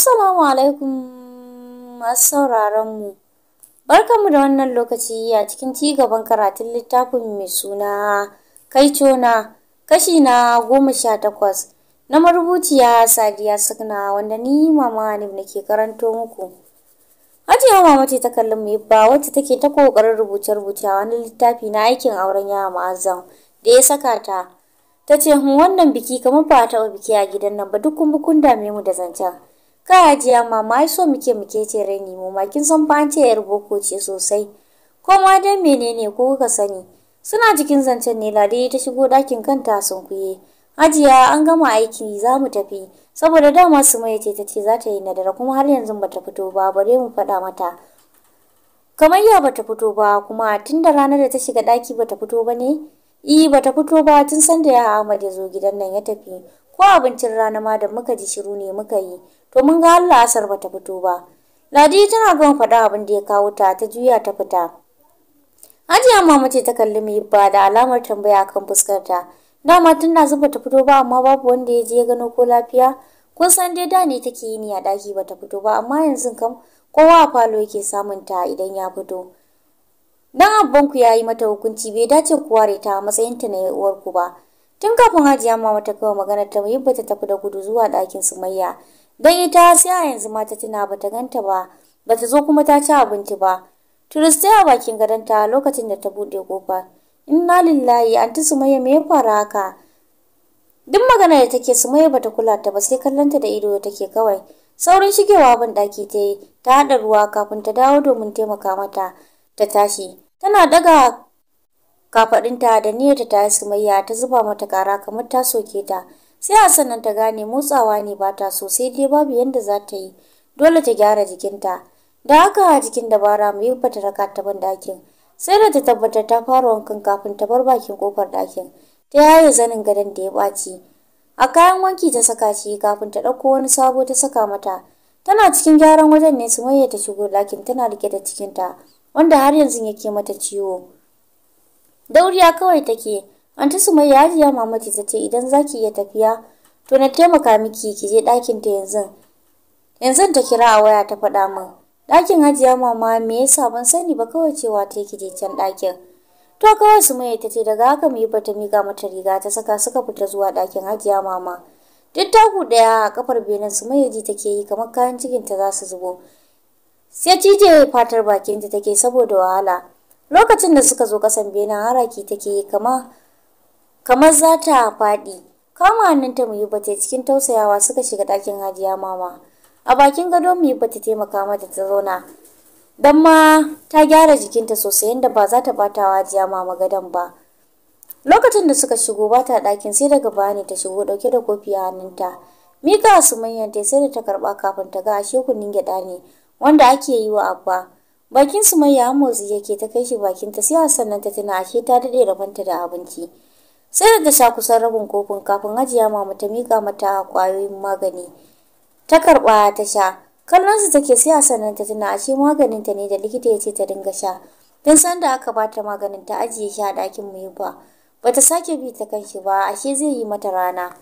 Assalamu alaikum masu sauraron mu. Barkanmu da wannan lokaci a cikin ci gaban karatun littafin mai suna na kashi na goma sha takwas na marubuciya Sadiya Sakna wanda ni mama Hanif nake karanto muku. Hajiya mama ce ta kallon mu ba wacce take ta kokarin rubuce-rubuce a wani littafi na aikin auren yawa ma'azan da ya saka ta. Ta ce wannan biki kamar ba ta biki a gidan nan ba duk kun dame mu da zancen. Ka ma mama so muke muke ce rai mu ma kin san fa ce yar boko ce sosai. Ko ma dan menene ko kuka sani? Suna jikin zancen ne Ladi ta shigo ɗakin kanta sun kuye. Hajiya an gama aiki za mu tafi saboda dama su mai ce ta za ta yi nadara kuma har yanzu bata fito ba bare mu faɗa mata. Kamar ya bata fito ba kuma tun da ranar da ta shiga ɗaki bata fito ba ne E, bata fito ba tun sanda da ya Ahmad ya zo gidan nan ya tafi. Ko abincin rana ma da muka ji shiru ne muka yi. To mun ga Allah asar bata fito ba. Ladi tana gama faɗa abin da ya kawo ta ta juya ta fita. ajiya mama ce ta kalli mu ba da alamar tambaya kan fuskarta. Dama tun da zuba ta fito ba amma babu wanda ya je ya gano ko lafiya. Kun san dai da ne take yi ni a ɗaki bata fito ba amma yanzu kam kowa a falo yake samun ta idan ya fito. Dan abbanku ya yi mata hukunci bai dace ku ware ta a matsayinta na ku ba. Tun kafin Hajiya Mama ta kawo magana ta yi ta tafi da gudu zuwa ɗakin Sumayya. Dan ita sai a yanzu mata tana tuna ba ganta ba, bata zo kuma ta ci abinci ba. Turistai a bakin gadon ta lokacin da ta buɗe kofa Inna lillahi anti Sumayya me ya faru haka? Duk magana da take Sumayya bata kula ta ba sai kallonta da ido take kawai. Saurin shigewa ban ɗaki ta yi, ta haɗa ruwa kafin ta dawo domin taimaka mata ta tashi. Tana daga kafaɗinta da niyyar ta tayi sumayya ta zuba mata kara kamar ta soke ta. Sai a sannan ta gane motsawa ne ba ta so sai dai babu yadda za ta yi. Dole ta gyara jikinta. Da haka a jikin dabara mu yi raka ta ban ɗakin. Sai da ta tabbatar ta fara wankan kafin ta bar bakin kofar ɗakin. Ta yaye zanin gadon da ya baci A kayan wanki ta saka shi kafin ta ɗauko wani sabo ta saka mata. Tana cikin gyaran wajen ne Sumayya ta shigo ɗakin tana rike da cikinta. wanda har yanzu yake mata ciwo dauriya kawai take anta sumayya hajiya mamati ta ce idan zaki iya tafiya to na taimaka miki ki je ɗakin ta yanzu yanzu ta kira a waya ta faɗa min ɗakin hajiya mama me yasa ban sani ba kawai cewa ta ki je can ɗakin to kawai sumayya ta ce daga haka mu yi bata miƙa mata riga ta saka suka fita zuwa ɗakin hajiya mama duk taku ɗaya a kafar benin sumayya ji take yi kamar kayan cikinta za su zubo sai jijiyar fatar bakinta take saboda wahala lokacin da suka zo kasan benin haraki take kama kamar za ta faɗi kama hannunta mu yi bata cikin tausayawa suka shiga dakin hajiya mama a bakin gado mu yi bata taimaka mata ta zauna don ma ta gyara jikinta sosai inda ba za ta bata wa hajiya mama gadon ba lokacin da suka shigo bata dakin ɗakin sai daga bani ta shigo ɗauke da kofi a hannunta mika su manyan sai da ta karɓa kafin ta ga ashe kunnin gyaɗa ne wanda ake yi wa abba bakin su mai ya yake ta kai shi bakin ta sai sannan ta tuna ashe ta dade rabanta da abinci sai da ta sha kusan rabin kofin kafin ajiya ma mata mika mata kwayoyin magani ta karba ta sha kallon su take sai sannan ta tuna ashe maganin ta ne da likita ya ce ta dinga sha don san da aka bata maganin ta ajiye shi a dakin mu ba bata sake bi ta kanshi ba ashe zai yi mata rana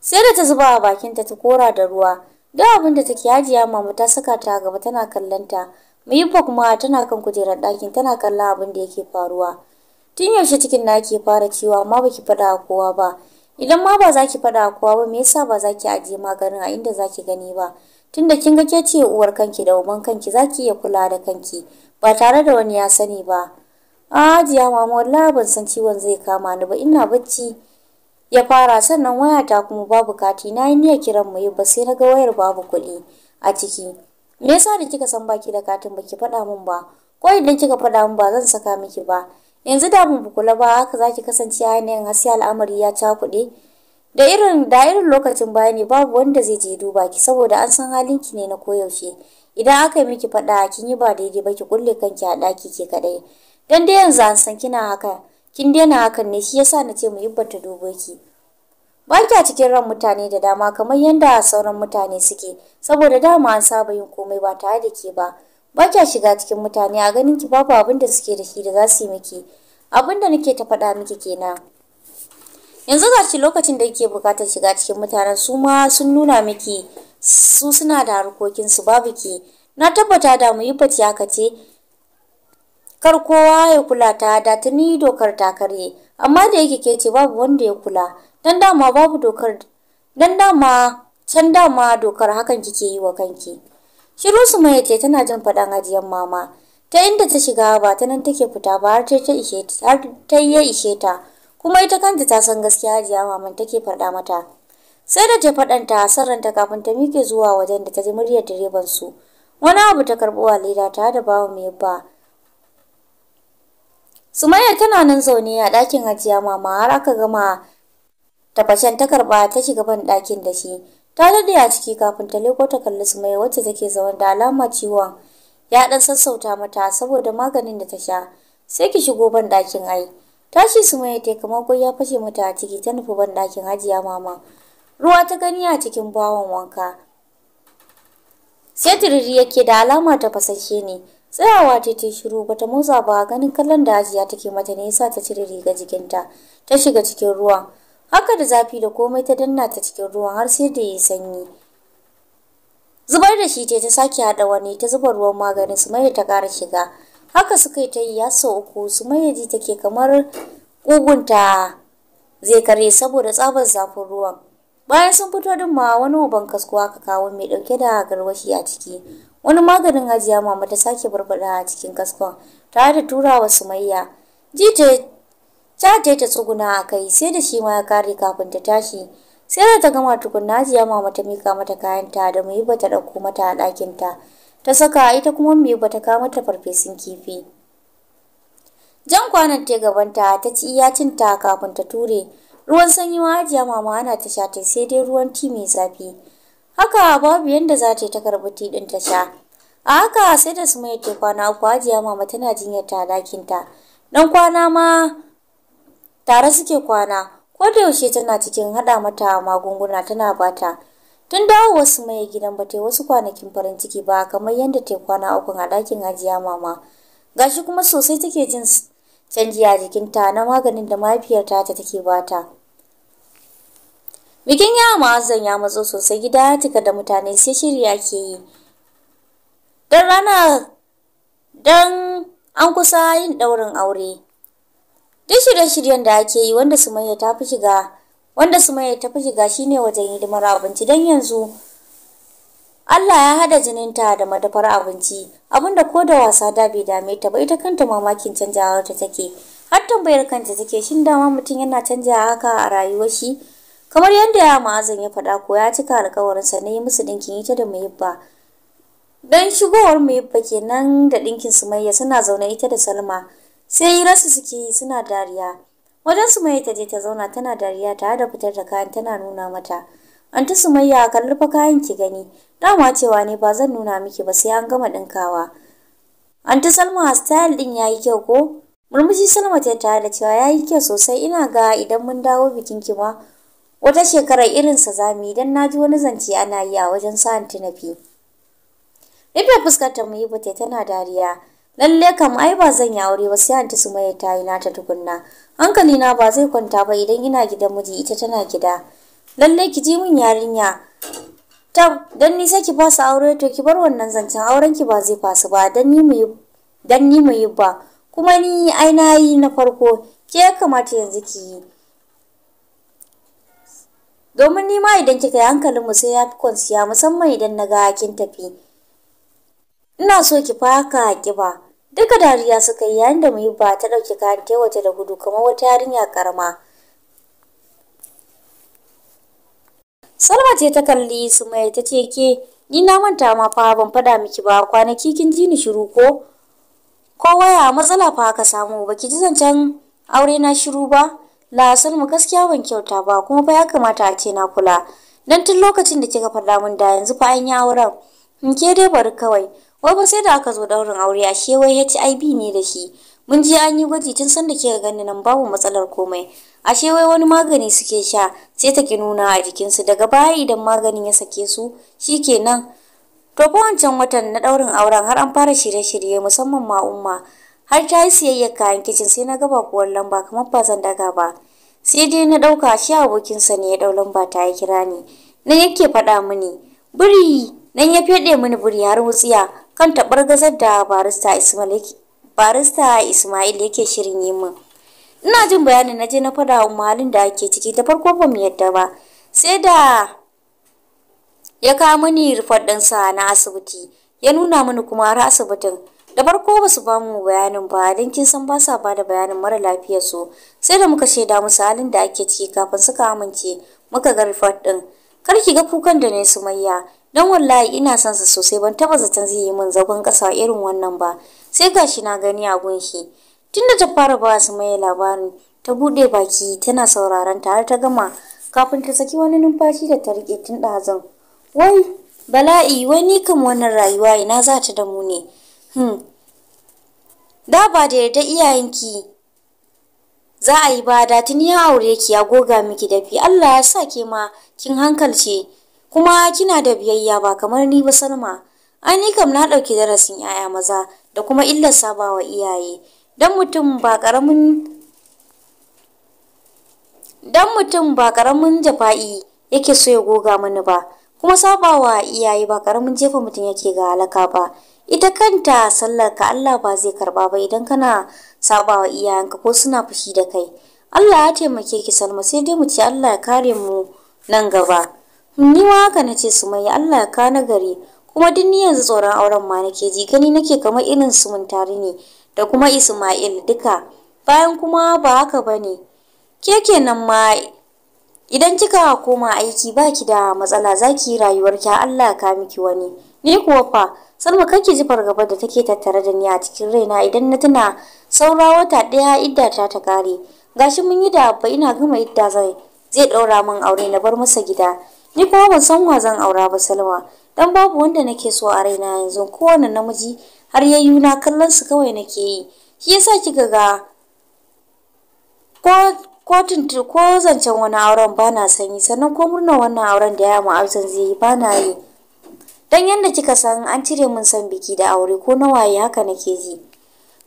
sai da ta zuba a bakinta ta kora da ruwa duk abin da take hajiya mama ta saka ta gaba tana kallanta muyibba kuma tana kan kujerar ɗakin tana kallon abin da yake faruwa tun yaushe cikin na ke fara cewa ma baki faɗa kowa ba idan ma ba za ki faɗa kowa ba me yasa ba za ki ajiye maganin a inda za ki gani ba tunda kin ga ke ce uwar kanki da uban kanki za ki iya kula da kanki ba tare da wani ya sani ba a hajiya mama wallahi ban san ciwon zai kama ni ba ina bacci ya fara sannan waya ta kuma babu kati na yi niyyar kiran mu ba sai na ga wayar babu kuɗi a ciki me yasa da kika san baki da katin baki faɗa min ba ko idan kika faɗa mun ba zan saka miki ba yanzu da mun kula ba haka zaki kasance a yanayin hasiya al'amari ya kuɗi da irin da irin lokacin ne babu wanda zai je duba ki saboda an san halin ki ne na koyaushe idan aka yi miki faɗa kin yi ba daidai ba ki kulle kanki a ɗaki ke kaɗai dan dai yanzu an san kina haka kin daina hakan ne shi yasa na ce mu yibbata ki ba kya cikin ran mutane da dama kamar yanda sauran mutane suke saboda dama an saba yin komai ba tare da ke ba ba kya shiga cikin mutane a ganin ki babu abin da suke da shi da za su yi miki abin da nake ta faɗa miki kenan yanzu ga shi lokacin da kike buƙatar shiga cikin mutanen su ma sun nuna miki su suna da harkokinsu babu ki na tabbata da mu yi bata haka ce kar kowa ya kula ta da tuni dokar ta karye amma da yake ke ce babu wanda ya kula dan dama babu dokar dan dama can dama dokar hakan kike yi wa kanki shiru su mai ce tana jin faɗan ajiyar mama ta inda ta shiga ba ta nan take fita ba har ta ishe ta ta yi ishe ta kuma ita kanta ta san gaskiya ajiya maman take faɗa mata sai da ta faɗanta ta kafin ta mike zuwa wajen da ta ji muryar direban su wani abu ta karɓi walida ta da bawa mai ba Sumaya tana nan zaune a ɗakin ajiya mama har aka gama tafashen ta karba ta shiga ban ɗakin da shi. Ta daɗe a ciki kafin ta leko ta kalli Sumaya wacce take zaune da alama ciwon ya ɗan sassauta mata saboda maganin da ta sha. Sai ki shigo ban ɗakin ai. Tashi Sumaya ta kamar ko ya fashe mata a ciki ta nufi ban ɗakin hajiya mama. Ruwa ta gani a cikin bawon wanka. Sai turiri yake da alama ta fasashe ne. Tsayawa ta ta shiru bata motsa ba ganin kallon da Hajiya take mata ne yasa ta cire riga jikinta ta shiga cikin ruwan. Haka da zafi da komai ta danna ta cikin ruwan har sai da yi sanyi. Zubar da shi ce ta sake haɗa wani ta zuba ruwan maganin su mai ta ƙara shiga. Haka suka yi ta yi ya sau uku su mai ji take kamar ƙugunta zai kare saboda tsabar zafin ruwan. Bayan sun fito din ma wani uban kaskuwa ka kawo mai ɗauke da garwashi a ciki. wani maganin ajiya mama ta sake burbuɗa a cikin kaskon tare da tura wa sumayya jije ta je ta tsuguna a kai sai da shi ma ya kare kafin ta tashi sai da ta gama tukunna ajiya mama ta mika mata kayan ta da mu bata ɗauko mata a ɗakinta ta ta saka ita kuma mai bata ka kawo mata farfesun kifi jan kwanan ta gabanta ta ci iya cinta kafin ta ture ruwan sanyi ma ajiya mama ana ta sha ta sai dai ruwan ti mai zafi haka babu yanda za ta yi ta karɓi tiɗin ta sha a haka sai da su mai kwana uku ajiya mama tana jinyar ta dakin ta dan kwana ma tare suke kwana ko da yaushe tana cikin haɗa mata magunguna tana bata tun dawo wasu mai gidan ba ta wasu kwanakin farin ciki ba kamar yadda ta kwana uku a ɗakin ajiya mama gashi kuma sosai take jin canji a jikinta na maganin da mahaifiyarta ta take bata. Bikin ya ma'azan ya matso sosai gida ya cika da mutane sai shirya ke yi. Don rana don an kusa yin daurin aure. Duk shirye-shiryen da ake yi wanda su ta fi shiga wanda ta fi shiga shine wajen hidimar abinci don yanzu Allah ya hada ta da madafar abinci abinda ko da wasa da bai dame ta ba ita kanta mamakin canjawar ta take har tambayar kanta take shin dama mutum yana canjawa haka a rayuwar shi kamar yadda ma'azin ya faɗa ko ya cika alkawarinsa na yi musu ɗinkin ita da muhibba dan shigowar muhibba kenan da ɗinkin sumayya suna zaune ita da salma sai yi hirarsu suke yi suna dariya wajen sumayya ta je ta zauna tana dariya tare da fitar da kayan tana nuna mata anta sumayya kalli fa kayan ki gani dama cewa ne ba zan nuna miki ba sai an gama ɗinkawa anta salma style ɗin ya yi kyau ko murmushi salma ta tare da cewa ya yi kyau sosai ina ga idan mun dawo bikin ki ma wata shekarar irinsa zami don na ji wani zance ana yi a wajen sa'an tunafi rufe fuskarta mu yi bute tana dariya lalle kam ai ba zan yi aure ba sai an ta sumaye ta yi nata tukunna hankali na ba zai kwanta ba idan ina gidan miji ita tana gida lalle ki ji mun yarinya ta dan ni sai ki ba su aure to ki bar wannan zancen auren ki ba zai fasu ba dan ni mu dan ni mu yi ba kuma ni ai na yi na farko ke kamata yanzu ki yi domin ni idan kika yi hankalin mu sai ya fi kwanciya musamman idan na ga kin tafi ina so ki faka kiba duka dariya suka yi yayin da mu yi ba ta ɗauki kayan taiwata da gudu kamar wata yarinya karama Salma ce ta kalli su mai ta ce ke ni na manta ma fa ban fada miki ba kwanaki kin ji ni shiru ko ko waya matsala fa ka samu baki ji zancen aure na shiru ba La mu gaskiya ban kyauta ba kuma fa ya kamata a ce na kula dan tun lokacin da kika faɗa min da yanzu fa an yi auren in ke dai bari kawai wai ba sai da aka zo daurin aure a wai HIV ne da shi mun je an yi gwaji tun san da kika gani nan babu matsalar komai ashe wai wani magani suke sha sai ta ki nuna a jikinsu daga baya idan maganin ya sake su shikenan to ko wancan watan na daurin auren har an fara shirye-shirye musamman ma umma har ta yi siyayyar kayan kicin sai na ga ba lamba kamar ba zan daga ba sai dai na ɗauka shi abokinsa ne ya ɗau lamba ta ya kira ni nan yake faɗa mini buri nan ya feɗe mini buri har wutsiya kan taɓar gazar da barista ismail barista ismail yake shirin yi min ina jin bayanin na je na faɗa wa malin da ake ciki ta farko ba mu yadda ba sai da ya kawo mini rufar ɗinsa na asibiti ya nuna mini kuma har asibitin da farko ba su bamu bayanin ba don kin san ba sa ba da bayanin mara lafiyar su sai da muka shaida musu halin da ake ciki kafin suka amince muka ga rifat din kar ki ga kukan da ne mayya don wallahi ina son sa sosai ban taba zaton zai yi min zagon kasa irin wannan ba sai gashi na gani a gunshi tunda ta fara ba sumayya labarin ta bude baki tana sauraron ta har ta gama kafin ta saki wani numfashi da ta rike tun ɗazun wai bala'i wai kam wannan rayuwa ina za ta damu ne Hmm. da ba da yarda iyayenki za a yi ba da tuni ya aure ki ya goga miki dafi Allah ya sa ke ma kin hankalce kuma kina da biyayya ba kamar ni ba Salma An yi kam na ɗauki darasin yaya maza da kuma illar sabawa iyaye dan mutum ba karamin dan mutum ba karamin jafa'i yake so ya goga mani ba kuma sabawa iyaye ba karamin jefa mutum yake ga halaka ba ita kanta sallar ka Allah ba zai karba ba idan kana sabawa iyayenka ko suna fushi da kai Allah ya taimake ki Salma sai dai mu ce Allah ya kare mu nan gaba ni ma haka nace Sumayya Allah ya ka gari kuma duk ni yanzu tsoron auren ma nake ji gani nake kamar irin su mun ne da kuma Ismail duka bayan kuma ba haka bane ke kenan ma Idan kika koma aiki baki da matsala zaki rayuwarki Allah ka miki wani. Ni kuwa fa Salma kake ji fargaba da take tattare da ni a cikin raina idan na tuna saura wata daya idda ta ta kare. Gashi mun yi da abba ina gama idda zai zai ɗaura min aure na bar masa gida. Ni kuma ban san wa zan aura ba Salma. Dan babu wanda nake so a raina yanzu kowane namiji har yayyu na kallon su kawai nake yi. Shi yasa kika ga ko kotun ko zancen wani auren ba na sanyi sannan ko murnar wannan auren da ya mu'azzan zai yi ba na yi dan yanda kika san an cire mun san biki da aure ko na waye haka nake ji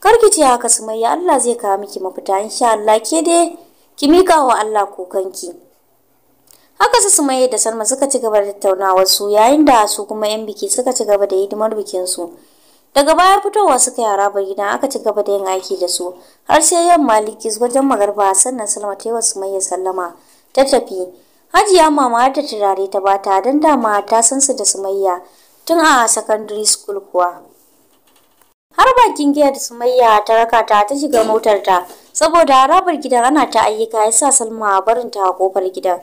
karki ce haka sumayya Allah zai kawo miki mafita insha Allah ke dai ki mika wa Allah kokanki haka su sumayya da Salma suka ci gaba da tattaunawa su yayin da su kuma yan biki suka ci gaba da hidimar bikin su daga baya fitowa suka yara bar gida aka ci gaba da yin aiki da su har sai yamma likis wajen magarba sannan Salma ta yi wa sumayya sallama ta tafi Hajiya mama ta da turare ta bata don dama ta san su da sumayya tun a secondary school kuwa. Har bakin giya da sumayya ta raka ta ta shiga motar ta saboda harabar gidan ana ta ayyuka ya sa Salma barin ta a kofar gidan.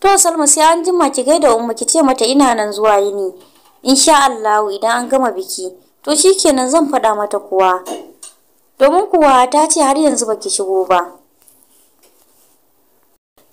To Salma sai an jima ki gaida umma ki ce mata ina nan zuwa yini. Insha Allah idan an gama biki to shi shikenan zan faɗa mata kuwa. Domin kuwa ta ce har yanzu baki shigo ba.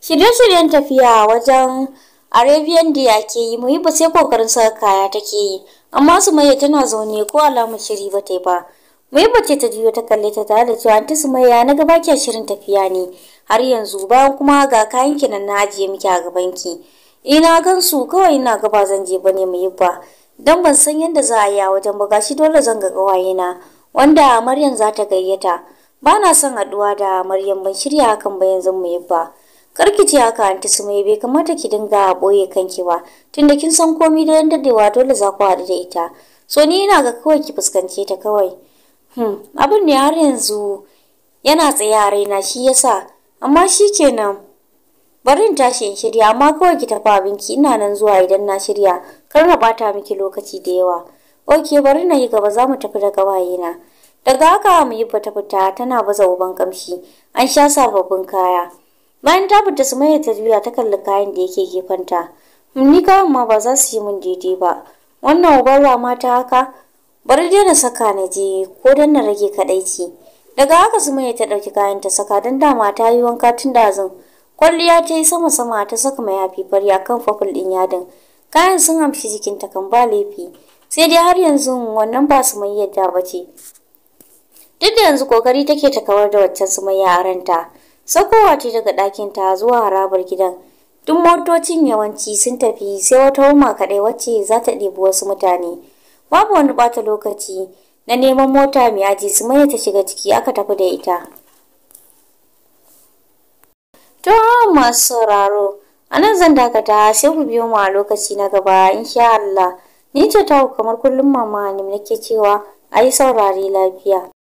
shirye-shiryen tafiya wajen Arabian da ya ke yi muhibba sai kokarin sa kaya take yi amma su Sumayya tana zaune ko alamar shiri ba ta yi ba muhibba ce ta juyo ta kalle ta tare da cewa anti Sumayya na gaba ke shirin tafiya ne har yanzu bayan kuma ga kayan ki nan na ajiye miki a gaban ki ina eh, gan su kawai ina ga ba zan je ne muhibba dan ban san yadda za a yi a wajen ba gashi dole zan ga na wanda Maryam za ta gayyata ba na son haɗuwa da Maryam ban shirya hakan ba yanzu muhibba kar ki ji haka anti sumai bai kamata ki dinga boye kanki ba tunda kin san komai da wato dole za ku haɗu da ita so ni ina ga kawai ki fuskance ta kawai hmm abin ne har yanzu yana tsaye a raina shi yasa amma shi shikenan barin tashi in shirya amma kawai ki tafi abinci, ina nan zuwa idan na shirya kar na bata miki lokaci da yawa ok bari na yi gaba za mu tafi da na daga haka mu yi fita tana baza uban kamshi an sha sababbin kaya bayan ta fita sumayya ta juya ta kalli kayan da yake gefanta ni kayan ma ba za su yi mun daidai ba wannan uban rama ta haka bari dai na saka na je ko dan na rage kadaici daga haka sumayya ta dauki kayan ta saka dan dama ta yi wanka tun da zan kwalliya ta yi sama sama ta saka mai mayafi fari akan faful din yadin kayan sun amshi jikinta kan ba laifi sai dai har yanzu wannan ba su mai yadda ba ce duk da yanzu kokari take ta kawar da waccan su mai yaranta Saukowa ce daga ɗakin ta zuwa harabar gidan. Duk motocin yawanci sun tafi sai wata wuma kaɗai wacce za ta ɗebi wasu mutane. Babu wani ɓata lokaci na neman mota mai aji su mai ta shiga ciki aka tafi da ita. To masu sauraro, a nan zan dakata sai ku biyo mu a lokaci na gaba insha Allah. Ni ce ta kamar kullum mama ne nake cewa ayi saurari lafiya.